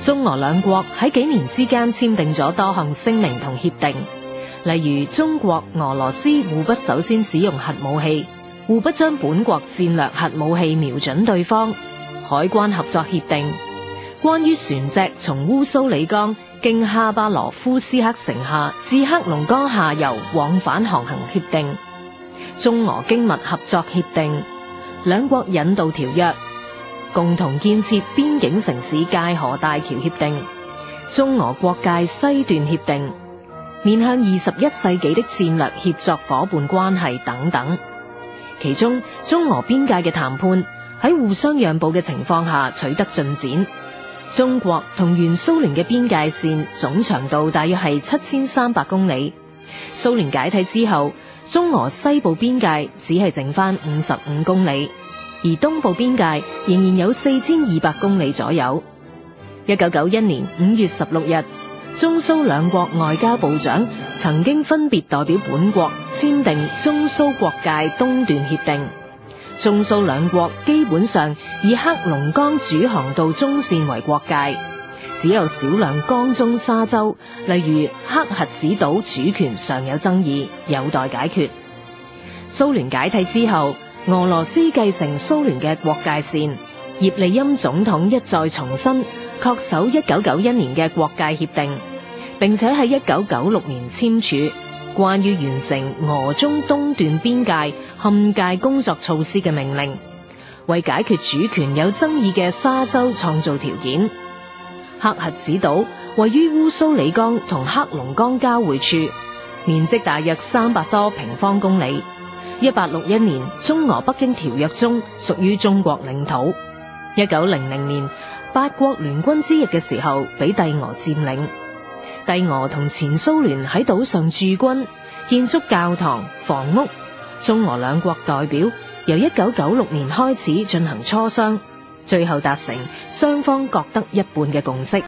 中俄兩國喺幾年之間簽訂咗多項聲明同協定，例如中國俄羅斯互不首先使用核武器，互不將本國戰略核武器瞄準對方；海關合作協定，關於船隻從烏蘇里江經哈巴羅夫斯克城下至黑龍江下游往返航行協定；中俄經貿合作協定，兩國引渡條約。共同建設邊境城市界河大橋協定、中俄國界西段協定、面向二十一世紀的戰略協作伙伴關係等等，其中中俄邊界嘅談判喺互相讓步嘅情況下取得進展。中國同原蘇聯嘅邊界線總長度大約係七千三百公里，蘇聯解體之後，中俄西部邊界只係剩翻五十五公里。而東部邊界仍然有四千二百公里左右。一九九一年五月十六日，中蘇兩國外交部長曾經分別代表本國簽訂中蘇國界東段協定。中蘇兩國基本上以黑龍江主航道中線為國界，只有少量江中沙洲，例如黑瞎子島主權尚有爭議，有待解決。蘇聯解體之後。俄羅斯繼承蘇聯嘅國界線，葉利欽總統一再重申，恪守一九九一年嘅國界協定，並且喺一九九六年簽署關於完成俄中東段邊界勘界工作措施嘅命令，為解決主權有爭議嘅沙洲創造條件。黑瞎子島位於烏蘇里江同黑龍江交匯處，面積大約三百多平方公里。一八六一年，中俄北京條約中屬於中國領土。一九零零年八國聯軍之役嘅時候，俾帝俄佔領。帝俄同前蘇聯喺島上駐軍，建築教堂、房屋。中俄兩國代表由一九九六年開始進行磋商，最後達成雙方各得一半嘅共識。